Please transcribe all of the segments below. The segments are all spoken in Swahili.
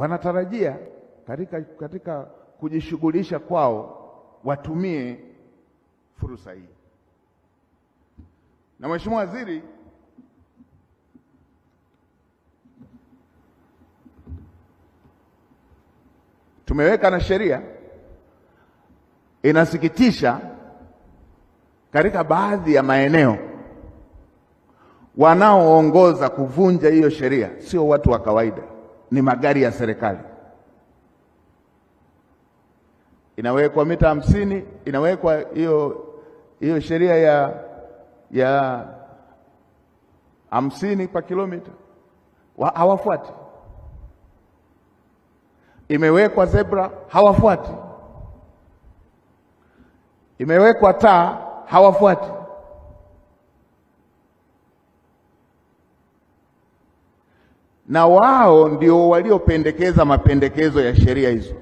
Wanatarajia katika, katika kujishughulisha kwao watumie fursa hii, na Mheshimiwa Waziri tumeweka na sheria. Inasikitisha, katika baadhi ya maeneo wanaoongoza kuvunja hiyo sheria sio watu wa kawaida ni magari ya serikali. Inawekwa mita hamsini, inawekwa hiyo hiyo sheria ya ya hamsini kwa kilomita, hawafuati. Imewekwa zebra, hawafuati. Imewekwa taa, hawafuati. na wao ndio waliopendekeza mapendekezo ya sheria hizo.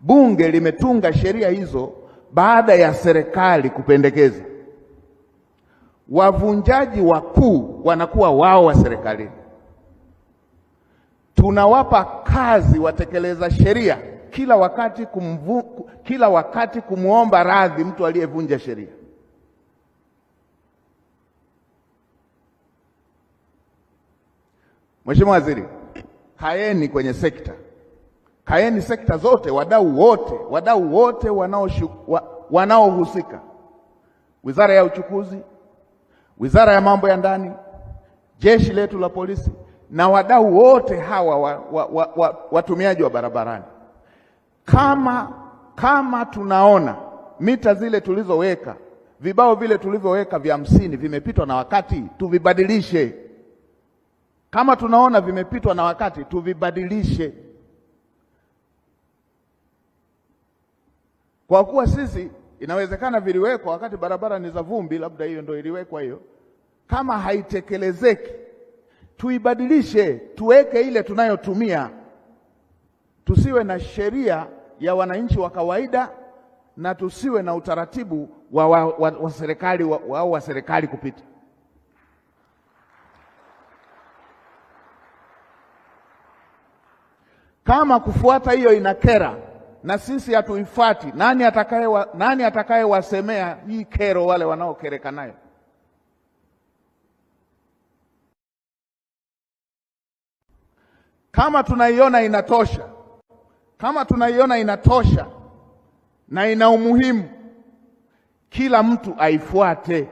Bunge limetunga sheria hizo baada ya serikali kupendekeza. Wavunjaji wakuu wanakuwa wao wa serikalini. Tunawapa kazi watekeleza sheria kila wakati kumvu, kila wakati kumwomba radhi mtu aliyevunja sheria. Mheshimiwa Waziri, kaeni kwenye sekta, kaeni sekta zote, wadau wote, wadau wote wanaohusika, wa, wizara ya uchukuzi, wizara ya mambo ya ndani, jeshi letu la polisi na wadau wote hawa watumiaji wa, wa, wa, wa barabarani. Kama, kama tunaona mita zile tulizoweka, vibao vile tulivyoweka vya hamsini vimepitwa na wakati, tuvibadilishe. Kama tunaona vimepitwa na wakati, tuvibadilishe, kwa kuwa sisi inawezekana viliwekwa wakati barabara ni za vumbi, labda hiyo ndio iliwekwa hiyo. Kama haitekelezeki, tuibadilishe, tuweke ile tunayotumia. Tusiwe na sheria ya wananchi wa kawaida na tusiwe na utaratibu wa serikali au wa, wa, wa serikali kupita Kama kufuata hiyo inakera na sisi hatuifuati, nani atakaye wa, nani atakayewasemea hii kero wale wanaokereka nayo? Kama tunaiona inatosha, kama tunaiona inatosha na ina umuhimu, kila mtu aifuate.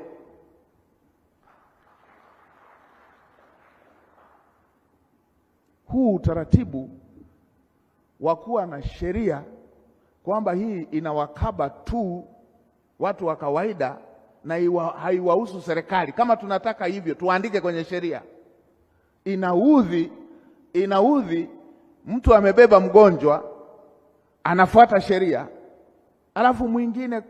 Huu utaratibu wa kuwa na sheria kwamba hii inawakaba tu watu wa kawaida na iwa, haiwahusu serikali. Kama tunataka hivyo tuandike kwenye sheria. Inaudhi, inaudhi mtu amebeba mgonjwa anafuata sheria, alafu mwingine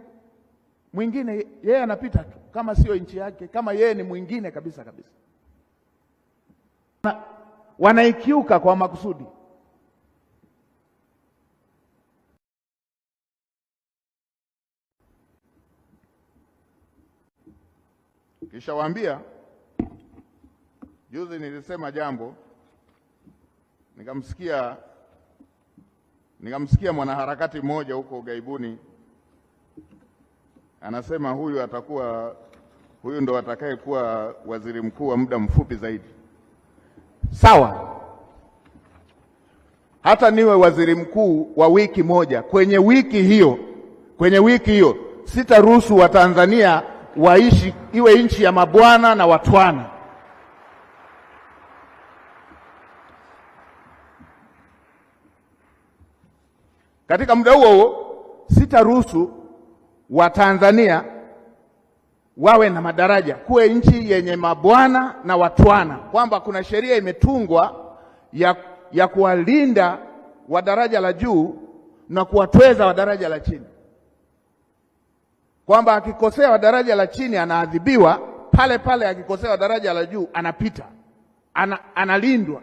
mwingine yeye anapita tu kama sio nchi yake, kama yeye ni mwingine kabisa kabisa, wanaikiuka kwa makusudi. Nikishawaambia juzi, nilisema jambo nikamsikia nikamsikia mwanaharakati mmoja huko ughaibuni anasema huyu atakuwa huyu ndo atakayekuwa waziri mkuu wa muda mfupi zaidi. Sawa, hata niwe waziri mkuu wa wiki moja, kwenye wiki hiyo, kwenye wiki hiyo sitaruhusu Watanzania waishi iwe nchi ya mabwana na watwana. Katika muda huo huo, sitaruhusu Watanzania wawe na madaraja, kuwe nchi yenye mabwana na watwana, kwamba kuna sheria imetungwa ya, ya kuwalinda wa daraja la juu na kuwatweza wa daraja la chini kwamba akikosea wa daraja la chini anaadhibiwa pale pale, akikosea wa daraja la juu anapita, ana, analindwa.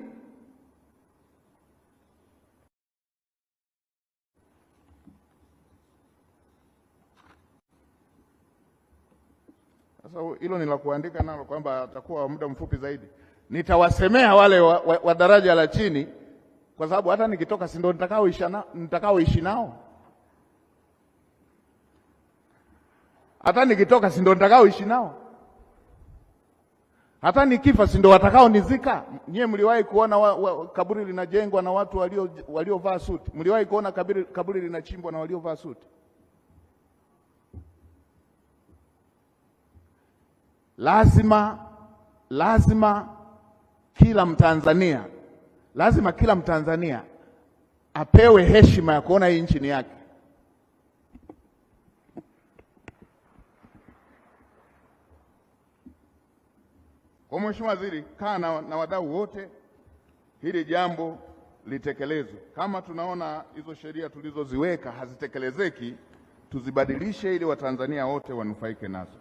Sasa hilo ni la kuandika nalo kwamba atakuwa muda mfupi zaidi. Nitawasemea wale wa, wa, wa daraja la chini, kwa sababu hata nikitoka si ndio nitakaoishi nao hata nikitoka si ndo nitakaoishi nao, hata nikifa si ndo watakao nizika. Nyie mliwahi kuona wa, wa, kaburi linajengwa na watu waliovaa walio suti? Mliwahi kuona kaburi, kaburi linachimbwa na waliovaa suti? Lazima, lazima kila Mtanzania lazima kila Mtanzania apewe heshima ya kuona hii nchi ni yake. Kwa Mheshimiwa Waziri, kaa na, na wadau wote hili jambo litekelezwe. Kama tunaona hizo sheria tulizoziweka hazitekelezeki, tuzibadilishe ili Watanzania wote wanufaike nazo.